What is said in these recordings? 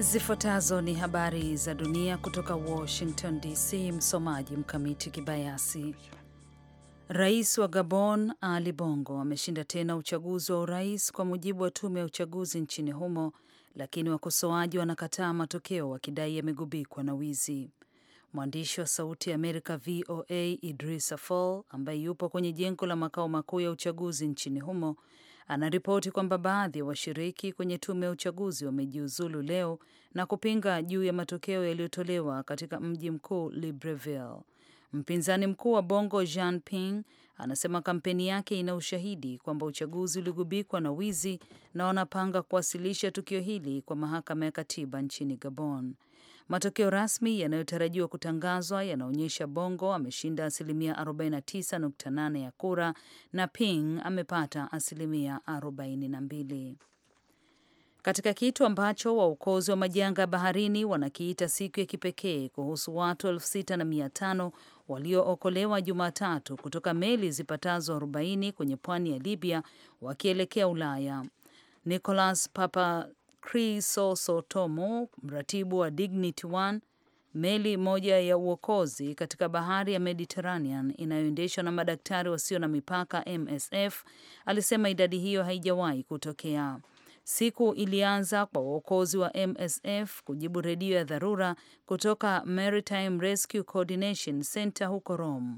Zifuatazo ni habari za dunia kutoka Washington DC. Msomaji Mkamiti Kibayasi. Rais wa Gabon Ali Bongo ameshinda tena uchaguzi wa urais kwa mujibu wa tume ya uchaguzi nchini humo, lakini wakosoaji wanakataa matokeo wakidai yamegubikwa na wizi. Mwandishi wa Sauti ya Amerika VOA Idrisa Fall ambaye yupo kwenye jengo la makao makuu ya uchaguzi nchini humo anaripoti kwamba baadhi ya wa washiriki kwenye tume ya uchaguzi wamejiuzulu leo na kupinga juu ya matokeo yaliyotolewa katika mji mkuu Libreville. Mpinzani mkuu wa Bongo Jean Ping anasema kampeni yake ina ushahidi kwamba uchaguzi uligubikwa na wizi na wanapanga kuwasilisha tukio hili kwa mahakama ya katiba nchini Gabon. Matokeo rasmi yanayotarajiwa kutangazwa yanaonyesha Bongo ameshinda asilimia 49.8 ya kura na Ping amepata asilimia 42. Katika kitu ambacho waokozi wa majanga ya baharini wanakiita siku ya kipekee kuhusu watu elfu waliookolewa Jumatatu kutoka meli zipatazo 40 kwenye pwani ya Libya wakielekea Ulaya. Nicolas Papa crisosotomo mratibu wa Dignity One, meli moja ya uokozi katika bahari ya Mediterranean inayoendeshwa na madaktari wasio na mipaka MSF, alisema idadi hiyo haijawahi kutokea. Siku ilianza kwa uokozi wa MSF kujibu redio ya dharura kutoka Maritime Rescue Coordination Center huko Rome.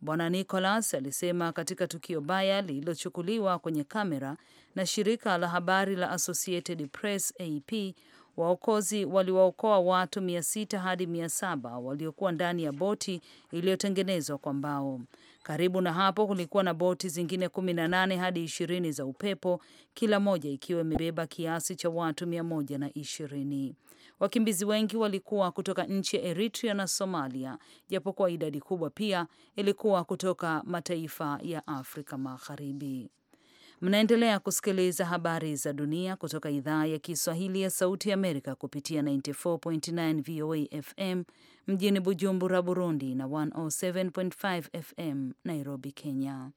Bwana Nicholas alisema katika tukio baya lililochukuliwa kwenye kamera na shirika la habari la Associated Press AP, waokozi waliwaokoa watu 600 hadi 700 waliokuwa ndani ya boti iliyotengenezwa kwa mbao. Karibu na hapo kulikuwa na boti zingine 18 hadi 20 za upepo, kila moja ikiwa imebeba kiasi cha watu 120. Wakimbizi wengi walikuwa kutoka nchi ya Eritrea na Somalia, japokuwa idadi kubwa pia ilikuwa kutoka mataifa ya Afrika Magharibi. Mnaendelea kusikiliza habari za dunia kutoka idhaa ya Kiswahili ya Sauti Amerika kupitia 94.9 VOA FM mjini Bujumbura, Burundi na 107.5 FM Nairobi, Kenya.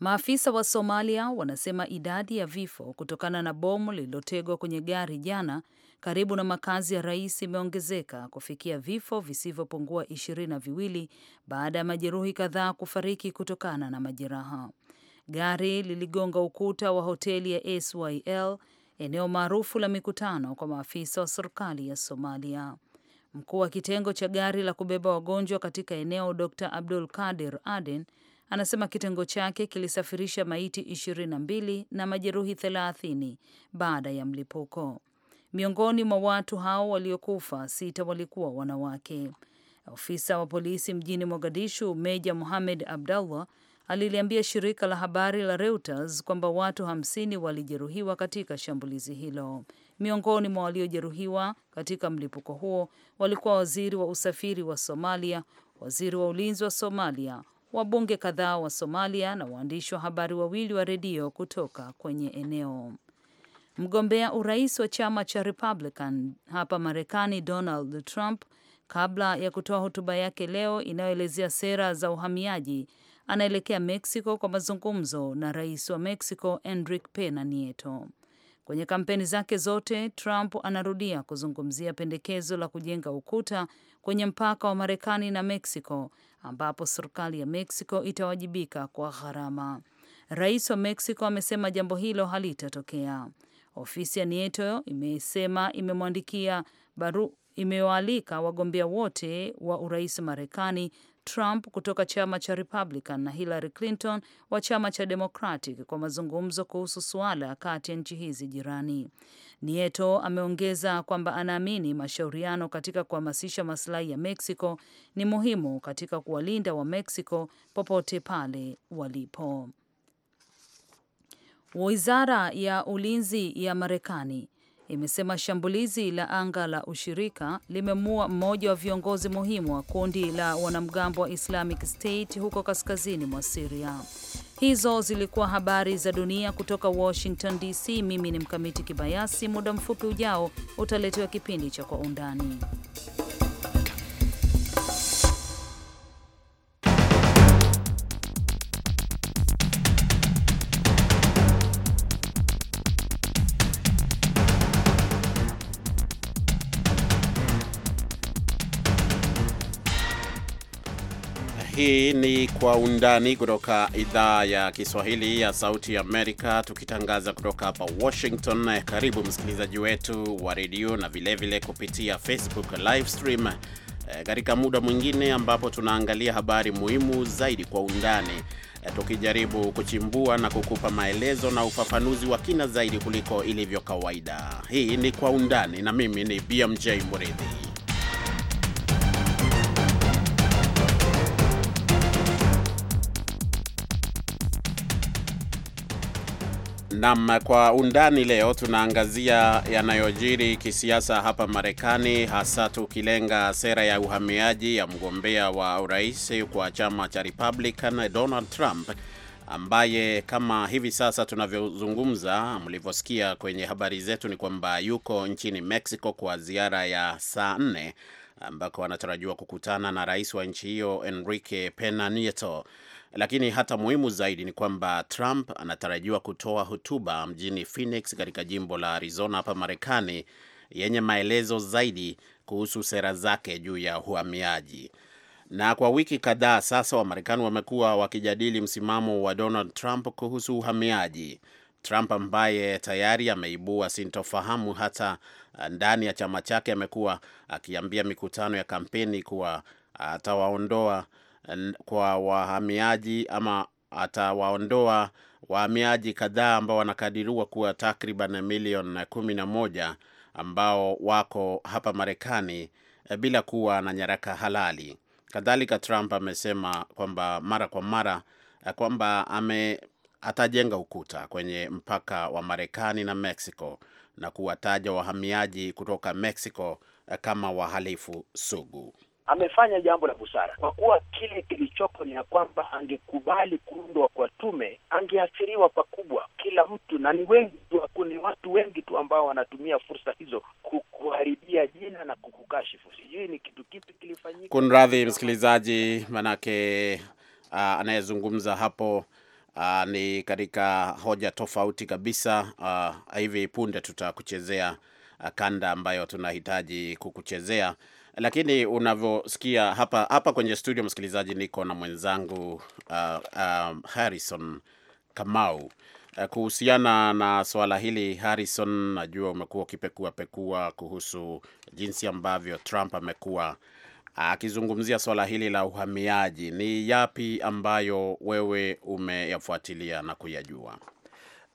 Maafisa wa Somalia wanasema idadi ya vifo kutokana na bomu lililotegwa kwenye gari jana karibu na makazi ya rais imeongezeka kufikia vifo visivyopungua ishirini na viwili baada ya majeruhi kadhaa kufariki kutokana na majeraha. Gari liligonga ukuta wa hoteli ya Syl, eneo maarufu la mikutano kwa maafisa wa serikali ya Somalia. Mkuu wa kitengo cha gari la kubeba wagonjwa katika eneo Dr Abdul Kadir Aden anasema kitengo chake kilisafirisha maiti 22 na mbili na majeruhi 30 baada ya mlipuko. Miongoni mwa watu hao waliokufa sita walikuwa wanawake. Ofisa wa polisi mjini Mogadishu, Meja Muhamed Abdallah aliliambia shirika la habari la Reuters kwamba watu hamsini walijeruhiwa katika shambulizi hilo. Miongoni mwa waliojeruhiwa katika mlipuko huo walikuwa waziri wa usafiri wa Somalia, waziri wa ulinzi wa Somalia, wabunge kadhaa wa Somalia na waandishi wa habari wawili wa redio kutoka kwenye eneo. Mgombea urais wa chama cha Republican hapa Marekani, Donald Trump, kabla ya kutoa hotuba yake leo inayoelezea sera za uhamiaji, anaelekea Mexico kwa mazungumzo na rais wa Mexico Enrique Pena Nieto. Kwenye kampeni zake zote, Trump anarudia kuzungumzia pendekezo la kujenga ukuta kwenye mpaka wa Marekani na Mexico ambapo serikali ya Mexico itawajibika kwa gharama. Rais wa Mexico amesema jambo hilo halitatokea. Ofisi ya Nieto imesema imemwandikia baru imewaalika wagombea wote wa urais Marekani Trump kutoka chama cha Republican na Hillary Clinton wa chama cha Democratic kwa mazungumzo kuhusu suala kati ya nchi hizi jirani. Nieto ameongeza kwamba anaamini mashauriano katika kuhamasisha masilahi ya Mexico ni muhimu katika kuwalinda wa Mexico popote pale walipo. Wizara ya ulinzi ya Marekani imesema shambulizi la anga la ushirika limemua mmoja wa viongozi muhimu wa kundi la wanamgambo wa Islamic State huko kaskazini mwa siria Hizo zilikuwa habari za dunia kutoka Washington DC. Mimi ni Mkamiti Kibayasi. Muda mfupi ujao utaletewa kipindi cha Kwa Undani. Hii ni Kwa Undani kutoka idhaa ya Kiswahili ya Sauti ya Amerika, tukitangaza kutoka hapa Washington. Karibu msikilizaji wetu wa redio na vilevile vile kupitia Facebook live stream eh, katika muda mwingine ambapo tunaangalia habari muhimu zaidi kwa undani, eh, tukijaribu kuchimbua na kukupa maelezo na ufafanuzi wa kina zaidi kuliko ilivyo kawaida. Hii ni Kwa Undani na mimi ni BMJ mridhi Nam, kwa undani leo tunaangazia yanayojiri kisiasa hapa Marekani, hasa tukilenga sera ya uhamiaji ya mgombea wa urais kwa chama cha Republican Donald Trump, ambaye kama hivi sasa tunavyozungumza, mlivyosikia kwenye habari zetu, ni kwamba yuko nchini Mexico kwa ziara ya saa nne ambako anatarajiwa kukutana na rais wa nchi hiyo Enrique Pena Nieto. Lakini hata muhimu zaidi ni kwamba Trump anatarajiwa kutoa hotuba mjini Phoenix katika jimbo la Arizona hapa Marekani, yenye maelezo zaidi kuhusu sera zake juu ya uhamiaji. Na kwa wiki kadhaa sasa, Wamarekani wamekuwa wakijadili msimamo wa Donald Trump kuhusu uhamiaji. Trump ambaye tayari ameibua sintofahamu hata uh, ndani ya chama chake, amekuwa akiambia mikutano ya kampeni kuwa atawaondoa kwa wahamiaji ama atawaondoa wahamiaji kadhaa ambao wanakadiriwa kuwa takriban milioni kumi na moja ambao wako hapa Marekani eh, bila kuwa na nyaraka halali. Kadhalika, Trump amesema kwamba mara kwa mara eh, kwamba ame atajenga ukuta kwenye mpaka wa Marekani na Mexico na kuwataja wahamiaji kutoka Mexico eh, kama wahalifu sugu amefanya jambo la busara, kwa kuwa kile kilichoko ni ya kwamba angekubali kuundwa kwa tume angeathiriwa pakubwa kila mtu, na ni wengi tu, ni watu wengi tu ambao wanatumia fursa hizo kukuharibia jina na kukukashifu. Sijui ni kitu kipi kilifanyika. Kunradhi msikilizaji, manake uh, anayezungumza hapo Uh, ni katika hoja tofauti kabisa. Uh, hivi punde tutakuchezea uh, kanda ambayo tunahitaji kukuchezea lakini unavyosikia hapa hapa kwenye studio, msikilizaji, niko na mwenzangu uh, uh, Harrison Kamau uh, kuhusiana na swala hili Harrison, najua umekuwa ukipekua pekua kuhusu jinsi ambavyo Trump amekuwa akizungumzia swala hili la uhamiaji. Ni yapi ambayo wewe umeyafuatilia na kuyajua?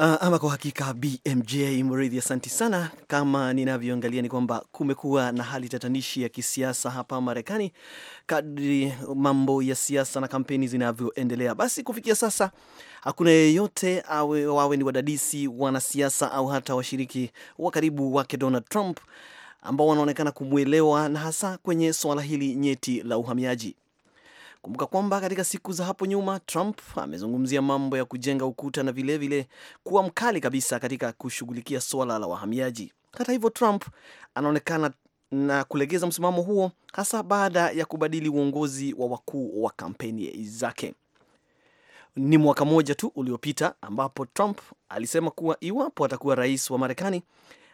Uh, ama kwa hakika BMJ Mridhi, asanti sana. Kama ninavyoangalia ni kwamba kumekuwa na hali tatanishi ya kisiasa hapa Marekani kadri mambo ya siasa na kampeni zinavyoendelea. Basi kufikia sasa hakuna yeyote awe, wawe ni wadadisi, wanasiasa au hata washiriki wa karibu wake Donald Trump ambao wanaonekana kumwelewa na hasa kwenye suala hili nyeti la uhamiaji. Kumbuka kwamba katika siku za hapo nyuma Trump amezungumzia mambo ya kujenga ukuta na vilevile vile kuwa mkali kabisa katika kushughulikia suala la wahamiaji. Hata hivyo, Trump anaonekana na kulegeza msimamo huo hasa baada ya kubadili uongozi wa wakuu wa kampeni zake. Ni mwaka mmoja tu uliopita ambapo Trump alisema kuwa iwapo atakuwa rais wa Marekani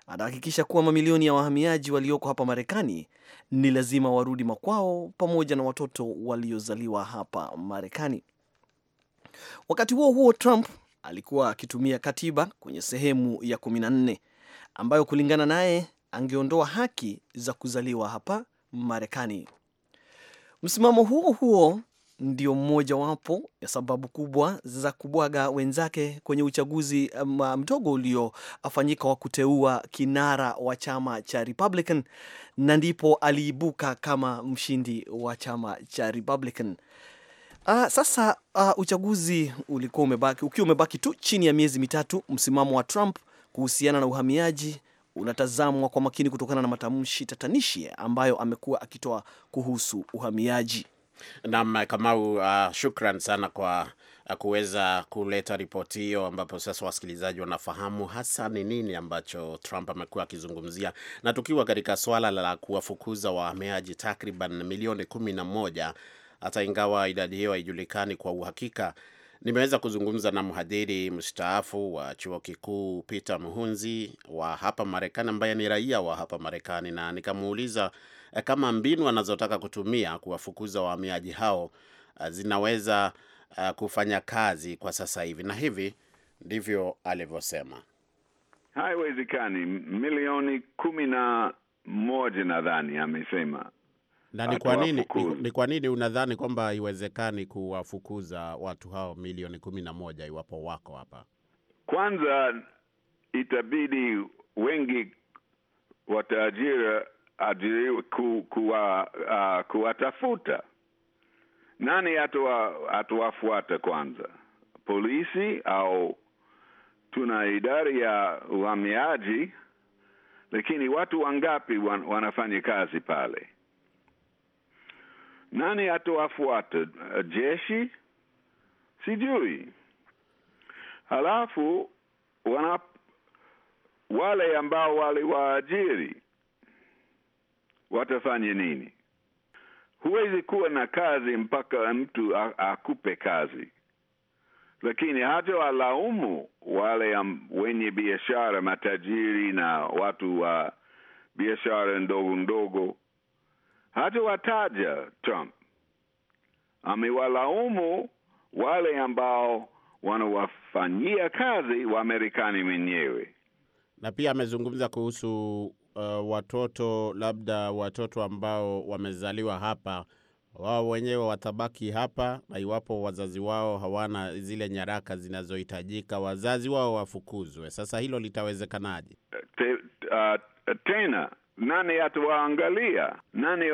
anahakikisha kuwa mamilioni ya wahamiaji walioko hapa Marekani ni lazima warudi makwao pamoja na watoto waliozaliwa hapa Marekani. Wakati huo huo, Trump alikuwa akitumia katiba kwenye sehemu ya kumi na nne ambayo kulingana naye angeondoa haki za kuzaliwa hapa Marekani. Msimamo huo huo ndio mmojawapo ya sababu kubwa za kubwaga wenzake kwenye uchaguzi um, mdogo uliofanyika wa kuteua kinara wa chama cha Republican, na ndipo aliibuka kama mshindi wa chama cha Republican. Uh, sasa uh, uchaguzi ulikuwa umebaki ukiwa umebaki tu chini ya miezi mitatu. Msimamo wa Trump kuhusiana na uhamiaji unatazamwa kwa makini kutokana na matamshi tatanishi ambayo amekuwa akitoa kuhusu uhamiaji. Naam, eh, Kamau, uh, shukran sana kwa ah, kuweza kuleta ripoti hiyo, ambapo sasa wasikilizaji wanafahamu hasa ni nini ambacho Trump amekuwa akizungumzia. Na tukiwa katika swala la kuwafukuza wahamiaji takriban milioni kumi na moja, hata ingawa idadi hiyo haijulikani kwa uhakika, nimeweza kuzungumza na mhadhiri mstaafu wa chuo kikuu Peter mhunzi wa hapa Marekani, ambaye ni raia wa hapa Marekani, na nikamuuliza Eh, kama mbinu anazotaka kutumia kuwafukuza wahamiaji hao eh, zinaweza eh, kufanya kazi kwa sasa hivi, na hivi ndivyo alivyosema. Haiwezekani, milioni kumi na moja nadhani amesema. Na ni kwa nini, ni kwa nini unadhani kwamba haiwezekani kuwafukuza watu hao milioni kumi na moja iwapo wako hapa? Kwanza itabidi wengi wataajira ku, kuwa, uh, kuwatafuta. Nani hatuwafuata wa, kwanza, polisi au tuna idara ya uhamiaji? Lakini watu wangapi wan, wanafanya kazi pale? Nani hatuwafuata? Jeshi? Sijui. Halafu wana, wale ambao waliwaajiri watafanya nini? Huwezi kuwa na kazi mpaka mtu akupe kazi, lakini hata walaumu wale wenye biashara, matajiri na watu wa biashara ndogo ndogo. Hata wataja Trump amewalaumu wale ambao wanawafanyia kazi Wamarekani wenyewe na pia amezungumza kuhusu uh, watoto labda watoto ambao wamezaliwa hapa wao wenyewe watabaki hapa, na iwapo wazazi wao hawana zile nyaraka zinazohitajika, wazazi wao wafukuzwe. Sasa hilo litawezekanaje? Te, uh, tena nani atawaangalia? Nani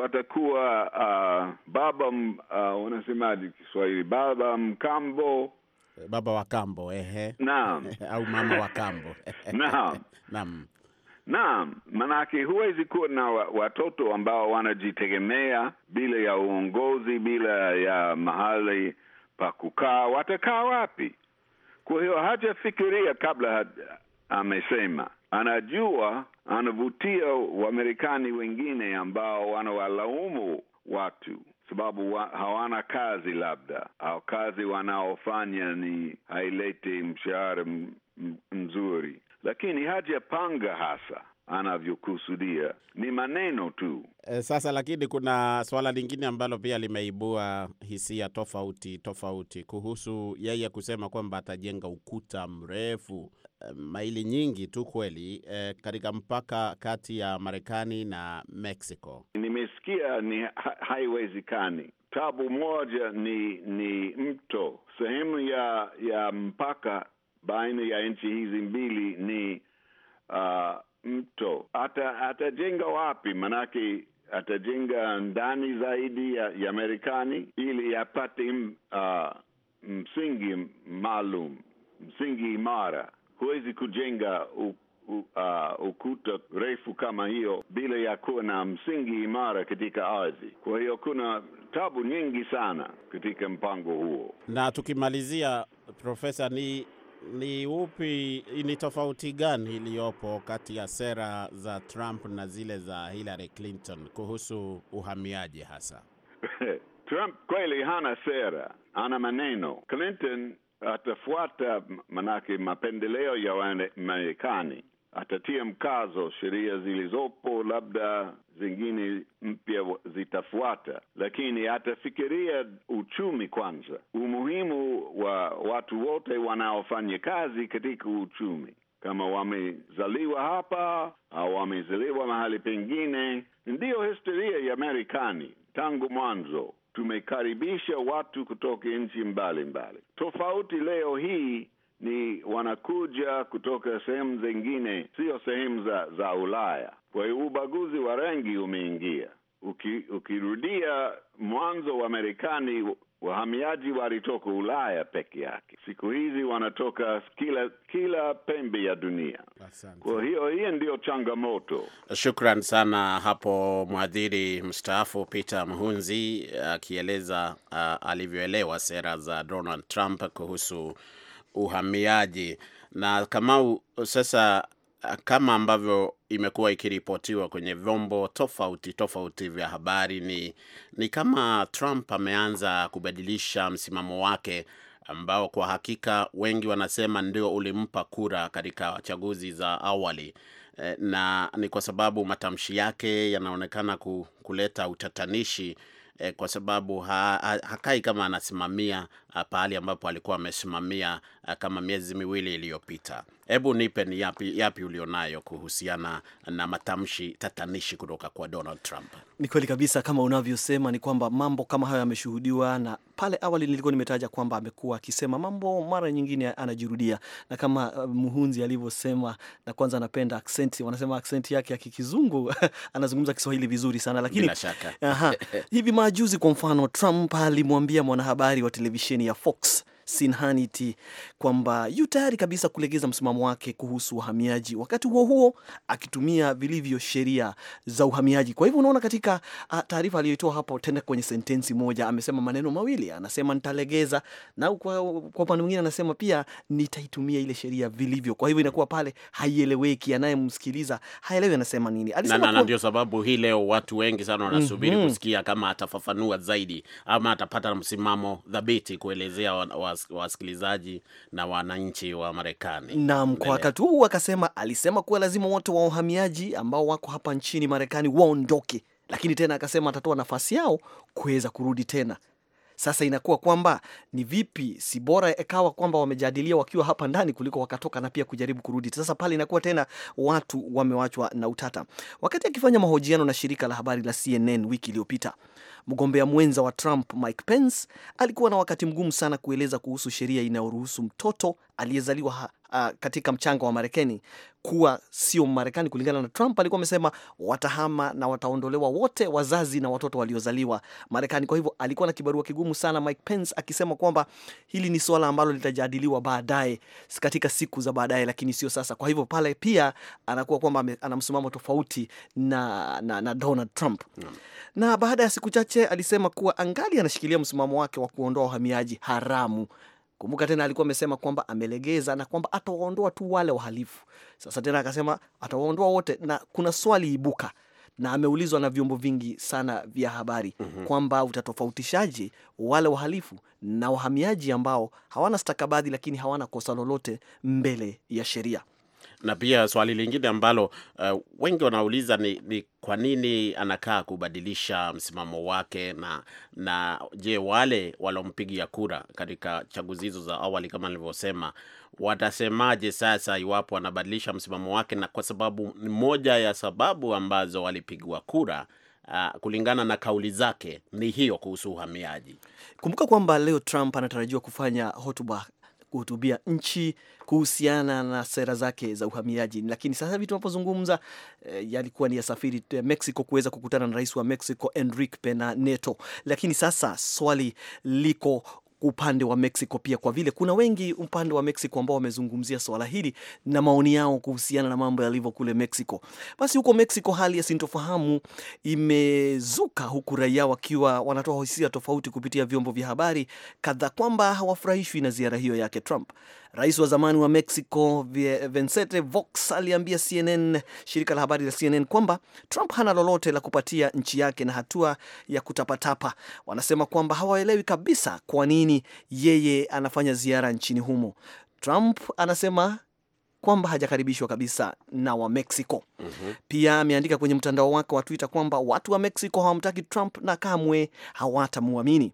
watakuwa uh, baba uh, ah, unasemaje Kiswahili, baba mkambo baba wa kambo ehe, naam au mama wa kambo naam, naam. Naam, manake huwezi kuwa na watoto ambao wanajitegemea bila ya uongozi, bila ya mahali pa kukaa, watakaa wapi? Kwa hiyo hajafikiria kabla ha, amesema anajua, anavutia Wamarekani wengine ambao wanawalaumu watu sababu wa, hawana kazi labda, au kazi wanaofanya ni hailete mshahara mzuri lakini hajapanga hasa anavyokusudia ni maneno tu. E, sasa lakini kuna suala lingine ambalo pia limeibua hisia tofauti tofauti kuhusu yeye kusema kwamba atajenga ukuta mrefu e, maili nyingi tu kweli, e, katika mpaka kati ya Marekani na Mexico. Nimesikia ni ha haiwezekani. Tabu moja ni ni mto, sehemu ya ya mpaka baina ya nchi hizi mbili ni uh, mto. Ata, atajenga wapi? Manake atajenga ndani zaidi ya, ya Marekani ili apate mm, uh, msingi maalum, msingi imara. Huwezi kujenga u, u, uh, ukuta refu kama hiyo bila ya kuwa na msingi imara katika ardhi. Kwa hiyo kuna tabu nyingi sana katika mpango huo. Na tukimalizia, Profesa, ni ni upi, ni tofauti gani iliyopo kati ya sera za Trump na zile za Hillary Clinton kuhusu uhamiaji hasa? Trump kweli hana sera, ana maneno. Clinton atafuata manake mapendeleo ya Wamarekani atatia mkazo sheria zilizopo, labda zingine mpya zitafuata, lakini atafikiria uchumi kwanza, umuhimu wa watu wote wanaofanya kazi katika uchumi, kama wamezaliwa hapa au wamezaliwa mahali pengine. Ndiyo historia ya Marekani tangu mwanzo tumekaribisha watu kutoka nchi mbalimbali. Tofauti leo hii ni wanakuja kutoka sehemu zingine, sio sehemu za, za Ulaya. Kwa hiyo ubaguzi wa rangi umeingia. Uki, ukirudia mwanzo wa Marekani, wahamiaji walitoka Ulaya peke yake. Siku hizi wanatoka kila kila pembe ya dunia. Kwa hiyo hii ndio changamoto. Shukran sana hapo mwadhiri mstaafu Peter Mhunzi akieleza uh, alivyoelewa sera za Donald Trump kuhusu uhamiaji. Na Kamau, sasa kama ambavyo imekuwa ikiripotiwa kwenye vyombo tofauti tofauti vya habari, ni, ni kama Trump ameanza kubadilisha msimamo wake ambao kwa hakika wengi wanasema ndio ulimpa kura katika chaguzi za awali, eh, na ni kwa sababu matamshi yake yanaonekana kuleta utatanishi eh, kwa sababu ha, ha, hakai kama anasimamia Eh, pahali ambapo alikuwa amesimamia eh, kama miezi miwili iliyopita. Hebu nipe ni yapi, yapi ulionayo kuhusiana na matamshi tatanishi kutoka kwa Donald Trump? Ni kweli kabisa kama unavyosema, ni kwamba mambo kama hayo yameshuhudiwa, na pale awali nilikuwa nimetaja kwamba amekuwa akisema mambo mara nyingine anajirudia, na kama eh, muhunzi alivyosema, na kwanza anapenda aksenti, wanasema aksenti yake ya Kikizungu anazungumza Kiswahili vizuri sana, lakini bila shaka aha, hivi majuzi kwa mfano Trump alimwambia mwanahabari wa televisheni a fox Sinhaniti kwamba yu tayari kabisa kulegeza msimamo wake kuhusu uhamiaji, wakati huo huo akitumia vilivyo sheria za uhamiaji. Kwa hivyo unaona, katika ah, taarifa aliyoitoa hapo tena kwenye sentensi moja amesema maneno mawili, anasema nitalegeza, na kwa upande mwingine anasema pia nitaitumia ile sheria vilivyo. Kwa hivyo inakuwa pale haieleweki, anayemsikiliza haelewi anasema nini. Alisema na ndio sababu hii leo watu wengi sana mhm. wanasubiri mm -hmm. kusikia kama atafafanua zaidi ama atapata msimamo thabiti kuelezea wa, wa wasikilizaji na wananchi wa Marekani. Naam, kwa wakati huu akasema, alisema kuwa lazima wote wa uhamiaji ambao wako hapa nchini Marekani waondoke, lakini tena akasema atatoa nafasi yao kuweza kurudi tena. Sasa inakuwa kwamba ni vipi, si bora ikawa kwamba wamejadilia wakiwa hapa ndani kuliko wakatoka na pia kujaribu kurudi. Sasa pale inakuwa tena watu wamewachwa na utata. Wakati akifanya mahojiano na shirika la habari la CNN wiki iliyopita, Mgombea mwenza wa Trump Mike Pence alikuwa na wakati mgumu sana kueleza kuhusu sheria inayoruhusu mtoto aliyezaliwa uh, katika mchango wa Marekani kuwa sio Marekani. Kulingana na Trump, alikuwa amesema watahama na wataondolewa wote wazazi na watoto waliozaliwa Marekani. Kwa hivyo alikuwa na kibarua kigumu sana Mike Pence, akisema kwamba hili ni suala ambalo litajadiliwa baadaye katika siku za baadaye, lakini sio sasa. Kwa hivyo pale pia anakuwa kwamba ana msimamo tofauti na, na, na Donald Trump yeah. Na baada ya siku chache alisema kuwa angali anashikilia msimamo wake wa kuondoa wahamiaji haramu Kumbuka tena alikuwa amesema kwamba amelegeza na kwamba atawaondoa tu wale wahalifu. Sasa tena akasema atawaondoa wote, na kuna swali ibuka na ameulizwa na vyombo vingi sana vya habari mm -hmm. kwamba utatofautishaje wale wahalifu na wahamiaji ambao hawana stakabadhi lakini hawana kosa lolote mbele ya sheria na pia swali lingine ambalo uh, wengi wanauliza ni, ni kwa nini anakaa kubadilisha msimamo wake na na je, wale walompigia kura katika chaguzi hizo za awali kama nilivyosema, watasemaje sasa iwapo anabadilisha msimamo wake? Na kwa sababu moja ya sababu ambazo walipigwa kura Uh, kulingana na kauli zake ni hiyo kuhusu uhamiaji. Kumbuka kwamba leo Trump anatarajiwa kufanya hotuba kuhutubia nchi kuhusiana na sera zake za uhamiaji. Lakini sasa hivi tunapozungumza, eh, yalikuwa ni yasafiri eh, Mexico kuweza kukutana na rais wa Mexico Enrique Pena neto Lakini sasa swali liko upande wa Mexico pia, kwa vile kuna wengi upande wa Mexico ambao wamezungumzia swala hili na maoni yao kuhusiana na mambo yalivyo kule Mexico. Basi huko Mexico hali ya sintofahamu imezuka, huku raia wakiwa wanatoa hisia tofauti kupitia vyombo vya habari kadhaa kwamba hawafurahishwi na ziara hiyo yake Trump. Rais wa zamani wa Mexico Vicente Fox aliambia CNN, shirika la habari la CNN kwamba Trump hana lolote la kupatia nchi yake na hatua ya kutapatapa. Wanasema kwamba hawaelewi kabisa kwa nini yeye anafanya ziara nchini humo. Trump anasema kwamba hajakaribishwa kabisa na wa Mexico. Mm -hmm. Pia ameandika kwenye mtandao wake wa Twitter kwamba watu wa Mexico hawamtaki Trump na kamwe hawatamuamini.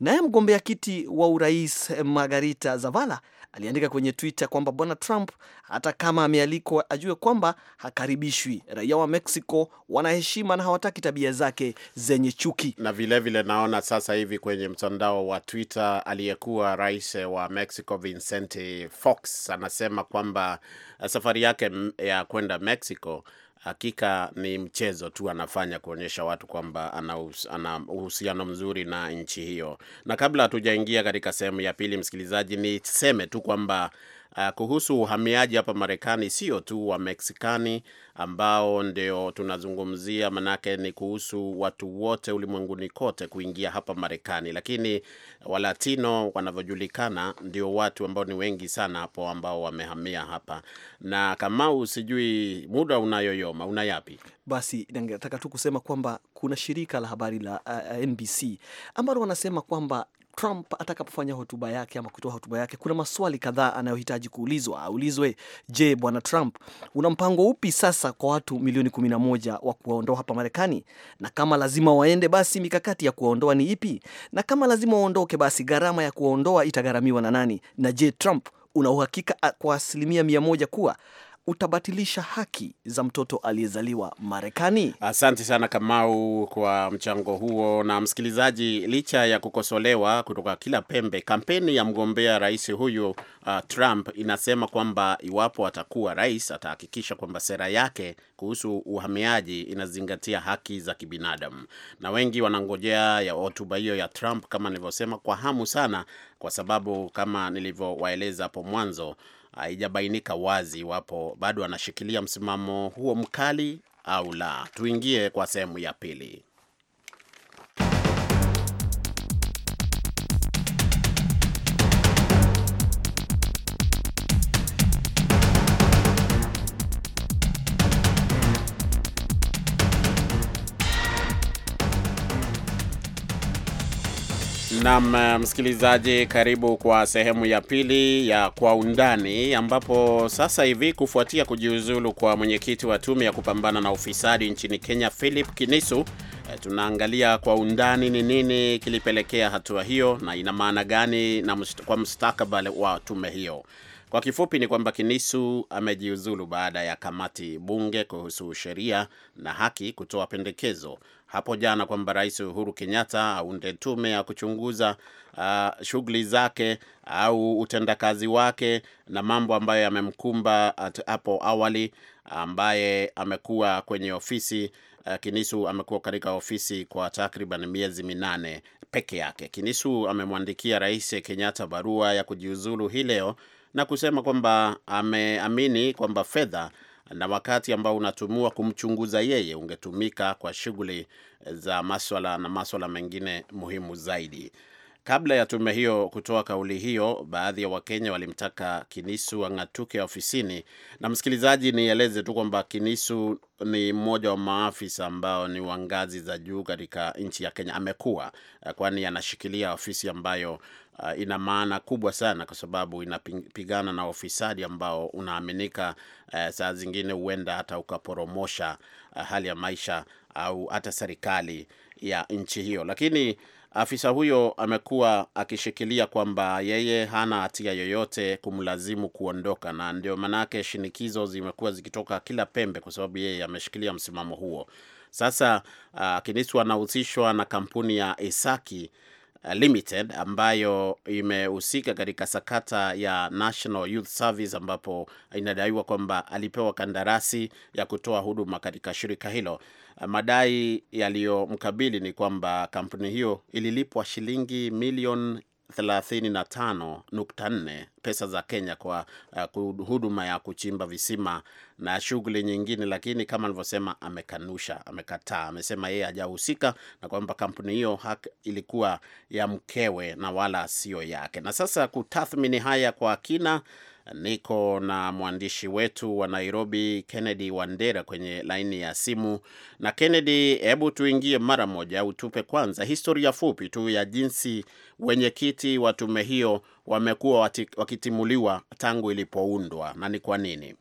Naye mgombea kiti wa urais Margarita Zavala aliandika kwenye Twitter kwamba bwana Trump hata kama amealikwa ajue kwamba hakaribishwi. Raia wa Mexico wanaheshima na hawataki tabia zake zenye chuki. Na vilevile vile naona sasa hivi kwenye mtandao wa Twitter aliyekuwa rais wa Mexico Vicente Fox anasema kwamba safari yake ya kwenda Mexico hakika ni mchezo tu anafanya kuonyesha watu kwamba ana uhusiano mzuri na nchi hiyo. Na kabla hatujaingia katika sehemu ya pili, msikilizaji, niseme tu kwamba uh, kuhusu uhamiaji hapa Marekani, sio tu wa Meksikani ambao ndio tunazungumzia, manake ni kuhusu watu wote ulimwenguni kote kuingia hapa Marekani, lakini Walatino wanavyojulikana ndio watu ambao ni wengi sana hapo ambao wamehamia hapa. Na Kamau, sijui muda unayoyoma una yapi? Basi nataka tu kusema kwamba kuna shirika la habari la uh, eh, eh, NBC ambalo wanasema kwamba Trump atakapofanya hotuba yake ama kutoa hotuba yake, kuna maswali kadhaa anayohitaji kuulizwa. Aulizwe, je, bwana Trump, una mpango upi sasa kwa watu milioni 11 wa kuwaondoa hapa Marekani? Na kama lazima waende, basi mikakati ya kuwaondoa ni ipi? Na kama lazima waondoke, basi gharama ya kuwaondoa itagharamiwa na nani? Na je, Trump una uhakika kwa asilimia mia moja kuwa utabatilisha haki za mtoto aliyezaliwa Marekani? Asante sana Kamau kwa mchango huo. Na msikilizaji, licha ya kukosolewa kutoka kila pembe, kampeni ya mgombea rais huyu uh, Trump inasema kwamba iwapo atakuwa rais atahakikisha kwamba sera yake kuhusu uhamiaji inazingatia haki za kibinadamu, na wengi wanangojea ya hotuba hiyo ya Trump kama nilivyosema, kwa hamu sana, kwa sababu kama nilivyowaeleza hapo mwanzo haijabainika wazi iwapo bado anashikilia msimamo huo mkali au la. Tuingie kwa sehemu ya pili. Nam eh, msikilizaji, karibu kwa sehemu ya pili ya Kwa Undani, ambapo sasa hivi kufuatia kujiuzulu kwa mwenyekiti wa tume ya kupambana na ufisadi nchini Kenya, Philip Kinisu, eh, tunaangalia kwa undani ni nini kilipelekea hatua hiyo na ina maana gani na mst kwa mustakabali wa tume hiyo. Kwa kifupi ni kwamba Kinisu amejiuzulu baada ya kamati bunge kuhusu sheria na haki kutoa pendekezo hapo jana kwamba Rais Uhuru Kenyatta aunde tume ya kuchunguza uh, shughuli zake au utendakazi wake na mambo ambayo yamemkumba hapo awali, ambaye amekuwa kwenye ofisi uh, Kinisu amekuwa katika ofisi kwa takriban miezi minane peke yake. Kinisu amemwandikia Rais Kenyatta barua ya kujiuzulu hii leo na kusema kwamba ameamini kwamba fedha na wakati ambao unatumiwa kumchunguza yeye ungetumika kwa shughuli za maswala na maswala mengine muhimu zaidi. Kabla ya tume hiyo kutoa kauli hiyo, baadhi ya Wakenya walimtaka Kinisu ang'atuke ofisini. Na msikilizaji, nieleze tu kwamba Kinisu ni mmoja wa maafisa ambao ni wa ngazi za juu katika nchi ya Kenya, amekuwa eh, kwani anashikilia ofisi ambayo Uh, ina maana kubwa sana kwa sababu inapigana na ufisadi ambao unaaminika, uh, saa zingine huenda hata ukaporomosha uh, hali ya maisha au hata serikali ya nchi hiyo. Lakini Afisa huyo amekuwa akishikilia kwamba yeye hana hatia yoyote kumlazimu kuondoka, na ndio maanake shinikizo zimekuwa zikitoka kila pembe, kwa sababu yeye ameshikilia msimamo huo. Sasa uh, ah, Kinisu anahusishwa na kampuni ya isaki Uh, Limited ambayo imehusika katika sakata ya National Youth Service ambapo inadaiwa kwamba alipewa kandarasi ya kutoa huduma katika shirika hilo. Uh, madai yaliyomkabili ni kwamba kampuni hiyo ililipwa shilingi milioni 35.4 pesa za Kenya kwa uh, huduma ya kuchimba visima na shughuli nyingine, lakini kama alivyosema, amekanusha, amekataa, amesema yeye hajahusika na kwamba kampuni hiyo ilikuwa ya mkewe na wala sio yake. Na sasa kutathmini haya kwa kina niko na mwandishi wetu wa Nairobi Kennedy Wandera kwenye laini ya simu. Na Kennedy, hebu tuingie mara moja, utupe kwanza historia fupi tu ya jinsi wenyekiti wa tume hiyo wamekuwa wakitimuliwa tangu ilipoundwa na ni kwa nini?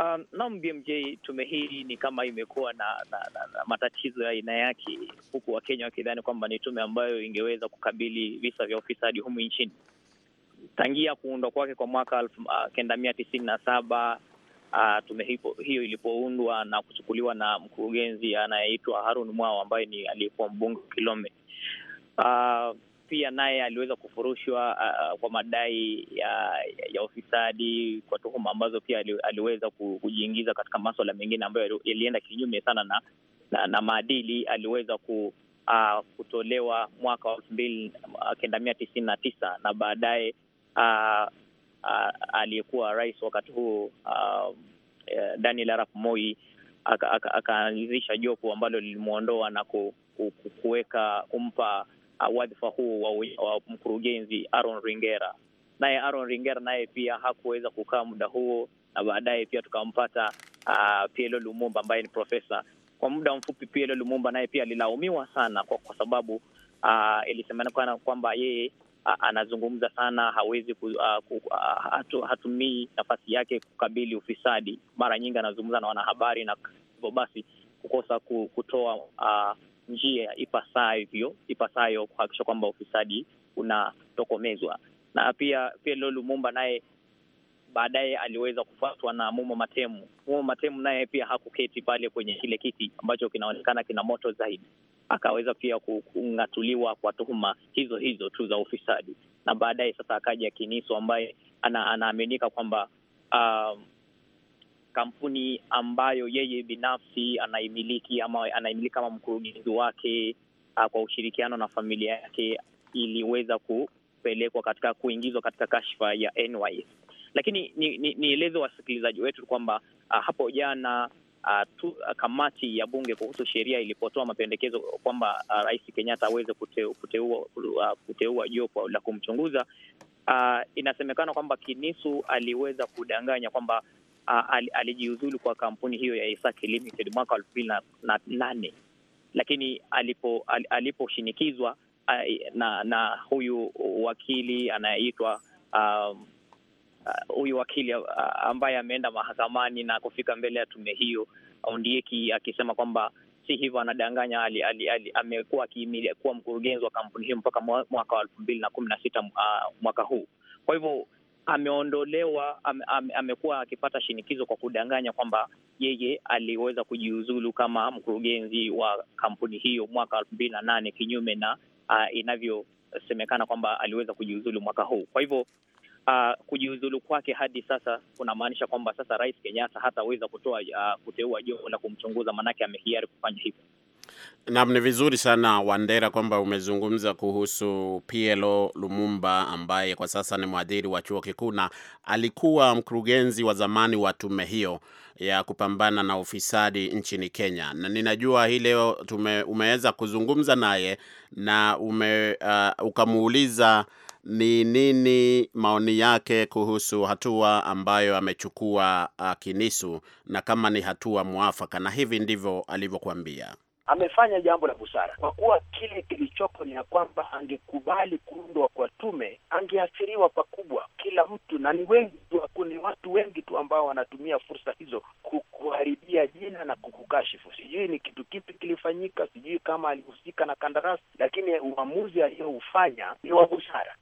Um, nam BMJ, tume hii ni kama imekuwa na, na, na, na matatizo ya aina yake, huku Wakenya wakidhani kwamba ni tume ambayo ingeweza kukabili visa vya ufisadi humu nchini tangia kuundwa kwake kwa mwaka elfu uh, kenda mia tisini na saba uh, tume hiyo ilipoundwa na kuchukuliwa na mkurugenzi anayeitwa Harun Mwao ambaye ni aliyekuwa mbunge wa Kilome. Uh, pia naye aliweza kufurushwa uh, uh kwa madai ya, ya ufisadi kwa tuhuma ambazo pia aliweza kujiingiza katika maswala mengine ambayo yalienda kinyume sana na, na, na maadili. Aliweza ku, uh, kutolewa mwaka wa elfu mbili uh, kenda mia tisini na tisa na baadaye aliyekuwa rais wakati uh, Daniel Arap Moi akaanzisha jopo ambalo lilimwondoa na kuweka kumpa wadhifa huu wa, wa mkurugenzi Aaron Ringera. Naye Aaron Ringera naye pia hakuweza kukaa muda huo, na baadaye pia tukampata uh, Pielo Lumumba ambaye ni profesa. Kwa muda mfupi, Pielo Lumumba naye pia alilaumiwa sana kwa, kwa sababu uh, ilisemekana kwamba yeye anazungumza sana, hawezi ku, uh, ku, uh, hatu, hatumii nafasi yake kukabili ufisadi. Mara nyingi anazungumza na wanahabari na hivyo basi kukosa kutoa uh, njia ipasavyo ipasayo kuhakikisha kwamba ufisadi unatokomezwa. Na pia Pierre Lumumba naye baadaye aliweza kufuatwa na Mumo Matemu. Mumo Matemu naye pia hakuketi pale kwenye kile kiti ambacho kinaonekana kina moto zaidi akaweza pia kung'atuliwa kwa tuhuma hizo hizo tu za ufisadi, na baadaye sasa akaja Kiniso ambaye ana, anaaminika kwamba uh, kampuni ambayo yeye binafsi anaimiliki ama anaimiliki kama mkurugenzi wake uh, kwa ushirikiano na familia yake iliweza kupelekwa katika kuingizwa katika kashfa ya NYS. Lakini nieleze ni, ni wasikilizaji wetu kwamba uh, hapo jana uh, tu, uh, kamati ya bunge kuhusu sheria ilipotoa mapendekezo kwamba uh, Rais Kenyatta aweze kuteua, kuteua, uh, kuteua jopo la kumchunguza uh, inasemekana kwamba Kinisu aliweza kudanganya kwamba uh, alijiuzulu kwa kampuni hiyo ya Isaki Limited mwaka elfu mbili na nane lakini alipo al, aliposhinikizwa uh, na na huyu wakili anayeitwa um, Uh, huyu uh, wakili uh, ambaye ameenda mahakamani na kufika mbele ya tume hiyo Ondieki akisema kwamba si hivyo, anadanganya. ali, ali, ali, amekuwa akihimili kuwa mkurugenzi wa kampuni hiyo mpaka mwaka wa elfu mbili na kumi na sita uh, mwaka huu. Kwa hivyo ameondolewa, am, ame, amekuwa akipata shinikizo kwa kudanganya kwamba yeye aliweza kujiuzulu kama mkurugenzi wa kampuni hiyo mwaka wa elfu mbili na nane kinyume na uh, inavyosemekana kwamba aliweza kujiuzulu mwaka huu. Kwa hivyo uh, kujiuzulu kwake hadi sasa kunamaanisha kwamba sasa Rais Kenyatta hataweza kutoa uh, kuteua jopo la kumchunguza, maanake amehiari kufanya hivyo. Naam, ni vizuri sana Wandera kwamba umezungumza kuhusu PLO Lumumba ambaye kwa sasa ni mwadhiri wa chuo kikuu na alikuwa mkurugenzi wa zamani wa tume hiyo ya kupambana na ufisadi nchini Kenya, na ninajua hii leo umeweza kuzungumza naye na ume, uh, ukamuuliza ni nini maoni yake kuhusu hatua ambayo amechukua uh, Kinisu na kama ni hatua mwafaka, na hivi ndivyo alivyokuambia. Amefanya jambo la busara kwa kuwa kile kilichopo ni ya kwamba angekubali kuundwa kwa tume, angeathiriwa pakubwa kila mtu, na ni wengi tu, ni watu wengi tu ambao wanatumia fursa hizo kukuharibia jina na kukukashifu. Sijui ni kitu kipi kilifanyika, sijui kama alihusika na kandarasi, lakini uamuzi aliyoufanya ni wa busara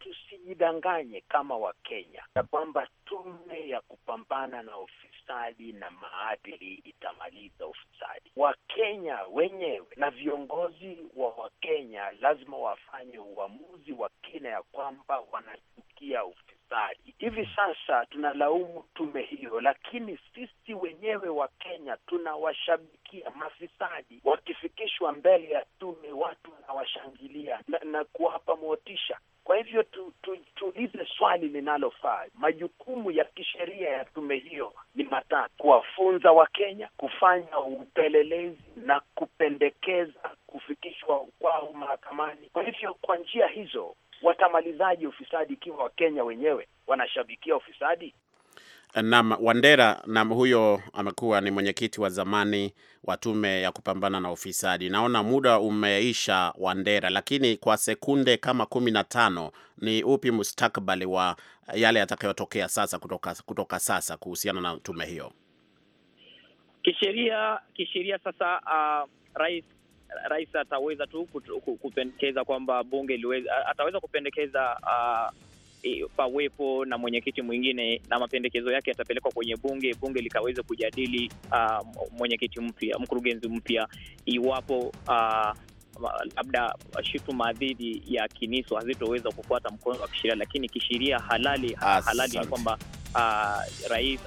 wasijidanganye kama Wakenya ya kwamba tume ya kupambana na ufisadi na maadili itamaliza ufisadi. Wakenya wenyewe na viongozi wa Wakenya lazima wafanye uamuzi wa kina ya kwamba wanachukia ufisadi. Hivi sasa tunalaumu tume hiyo, lakini sisi wenyewe Wakenya tunawashabikia mafisadi. Wakifikishwa mbele ya tume, watu wanawashangilia na, na kuwapa motisha. Kwa hivyo tu, tu, tuulize swali linalofaa. Majukumu ya kisheria ya tume hiyo ni matatu: kuwafunza Wakenya, kufanya upelelezi na kupendekeza kufikishwa kwao mahakamani. Kwa hivyo kwa njia hizo watamalizaji ufisadi ikiwa Wakenya wenyewe wanashabikia ufisadi? Nam Wandera nam huyo amekuwa ni mwenyekiti wa zamani wa tume ya kupambana na ufisadi. Naona muda umeisha, Wandera, lakini kwa sekunde kama kumi na tano, ni upi mustakabali wa yale yatakayotokea sasa kutoka, kutoka sasa kuhusiana na tume hiyo kisheria? Kisheria sasa uh, rais rais ataweza tu kupendekeza kwamba bunge liweza, ataweza kupendekeza uh, Eh, pawepo na mwenyekiti mwingine na mapendekezo yake yatapelekwa kwenye bunge, bunge likaweza kujadili uh, mwenyekiti mpya, mkurugenzi mpya, iwapo uh, labda shutuma dhidi ya Kiniso hazitoweza kufuata mkondo wa kisheria, lakini kisheria halali halali ni kwamba uh, rais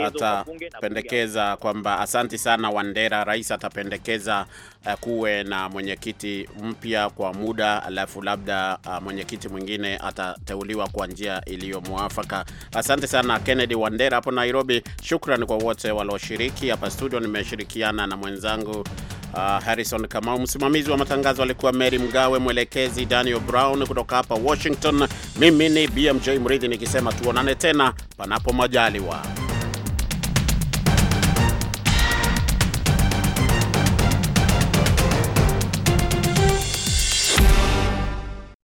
atapendekeza kwamba, asanti sana Wandera, rais atapendekeza uh, kuwe na mwenyekiti mpya kwa muda, alafu labda uh, mwenyekiti mwingine atateuliwa kwa njia iliyo mwafaka. Asante sana Kennedy Wandera hapo Nairobi. Shukran kwa wote walioshiriki hapa studio. Nimeshirikiana na mwenzangu Uh, Harrison Kamau, msimamizi wa matangazo alikuwa Mary Mgawe, mwelekezi Daniel Brown. Kutoka hapa Washington, mimi ni BMJ Mridhi nikisema tuonane tena panapo majaliwa.